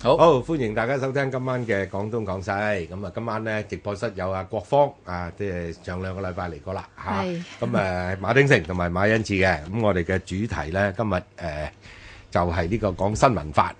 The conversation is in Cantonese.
好，好歡迎大家收聽今晚嘅廣東廣西。咁啊，今晚咧，直播室有阿郭方啊，即係、啊、上兩個禮拜嚟過啦吓。咁誒是、啊、馬鼎盛同埋馬恩賜嘅。咁、嗯、我哋嘅主題咧，今日誒、呃、就係、是、呢、這個講新聞法。